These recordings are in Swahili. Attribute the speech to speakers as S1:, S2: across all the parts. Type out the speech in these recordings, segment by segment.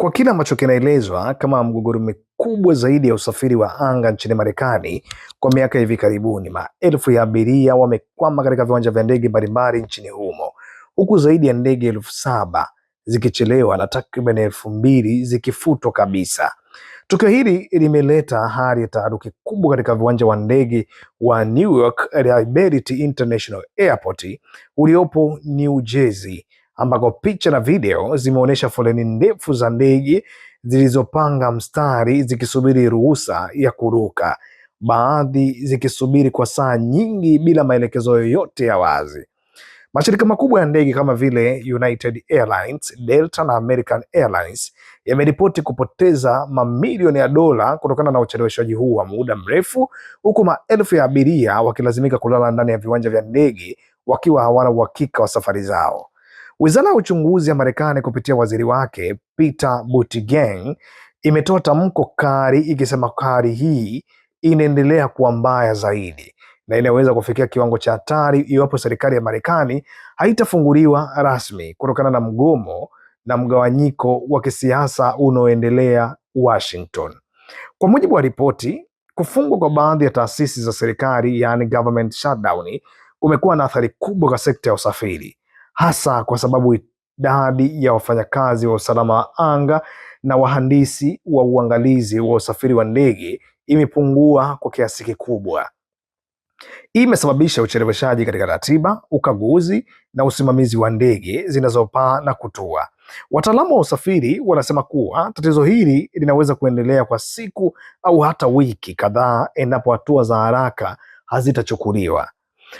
S1: Kwa kile ambacho kinaelezwa kama mgogoro mkubwa zaidi ya usafiri wa anga nchini Marekani kwa miaka hivi karibuni, maelfu ya abiria wamekwama katika viwanja vya ndege mbalimbali nchini humo, huku zaidi ya ndege elfu saba zikichelewa na takriban elfu mbili zikifutwa kabisa. Tukio hili limeleta hali ya taharuki kubwa katika viwanja wa ndege wa Newark Liberty International Airport uliopo New Jersey ambako picha na video zimeonyesha foleni ndefu za ndege zilizopanga mstari zikisubiri ruhusa ya kuruka, baadhi zikisubiri kwa saa nyingi bila maelekezo yoyote ya wazi. Mashirika makubwa ya ndege kama vile United Airlines, Delta na American Airlines yameripoti kupoteza mamilioni ya dola kutokana na ucheleweshaji huu wa muda mrefu, huku maelfu ya abiria wakilazimika kulala ndani ya viwanja vya ndege wakiwa hawana uhakika wa safari zao. Wizara ya uchunguzi ya Marekani kupitia waziri wake Peter Buttigieg imetoa tamko kali ikisema hali hii inaendelea kuwa mbaya zaidi na inaweza kufikia kiwango cha hatari iwapo serikali ya Marekani haitafunguliwa rasmi kutokana na mgomo na mgawanyiko wa kisiasa unaoendelea Washington. Kwa mujibu wa ripoti, kufungwa kwa baadhi ya taasisi za serikali, yani government shutdown, kumekuwa na athari kubwa kwa sekta ya usafiri hasa kwa sababu idadi ya wafanyakazi wa usalama wa anga na wahandisi wa uangalizi wa usafiri wa ndege imepungua kwa kiasi kikubwa. Hii imesababisha ucheleweshaji katika ratiba, ukaguzi na usimamizi wa ndege zinazopaa na kutua. Wataalamu wa usafiri wanasema kuwa tatizo hili linaweza kuendelea kwa siku au hata wiki kadhaa endapo hatua za haraka hazitachukuliwa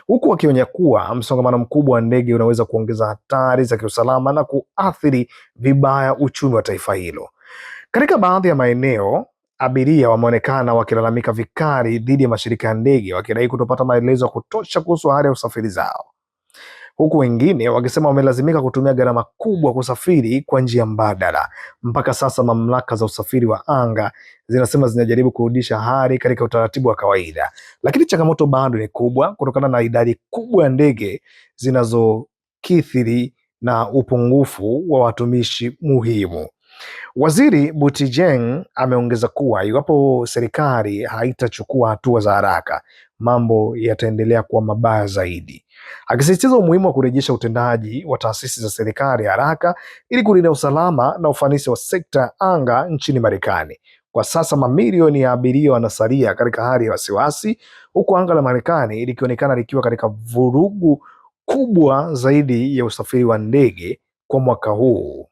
S1: huku wakionya kuwa msongamano mkubwa wa ndege unaweza kuongeza hatari za kiusalama na kuathiri vibaya uchumi wa taifa hilo. Katika baadhi ya maeneo abiria wameonekana wakilalamika vikali dhidi ya mashirika ya ndege wakidai kutopata maelezo ya kutosha kuhusu hali ya usafiri zao huku wengine wakisema wamelazimika kutumia gharama kubwa kusafiri kwa njia mbadala. Mpaka sasa mamlaka za usafiri wa anga zinasema zinajaribu kurudisha hali katika utaratibu wa kawaida, lakini changamoto bado ni kubwa kutokana na idadi kubwa ya ndege zinazokithiri na upungufu wa watumishi muhimu. Waziri Butijeng ameongeza kuwa iwapo serikali haitachukua hatua za haraka, mambo yataendelea kuwa mabaya zaidi, akisisitiza umuhimu wa kurejesha utendaji wa taasisi za serikali haraka ili kulinda usalama na ufanisi wa sekta ya anga nchini Marekani. Kwa sasa mamilioni ya abiria wanasalia katika hali ya wasiwasi, huku anga la Marekani likionekana likiwa katika vurugu kubwa zaidi ya usafiri wa ndege kwa mwaka huu.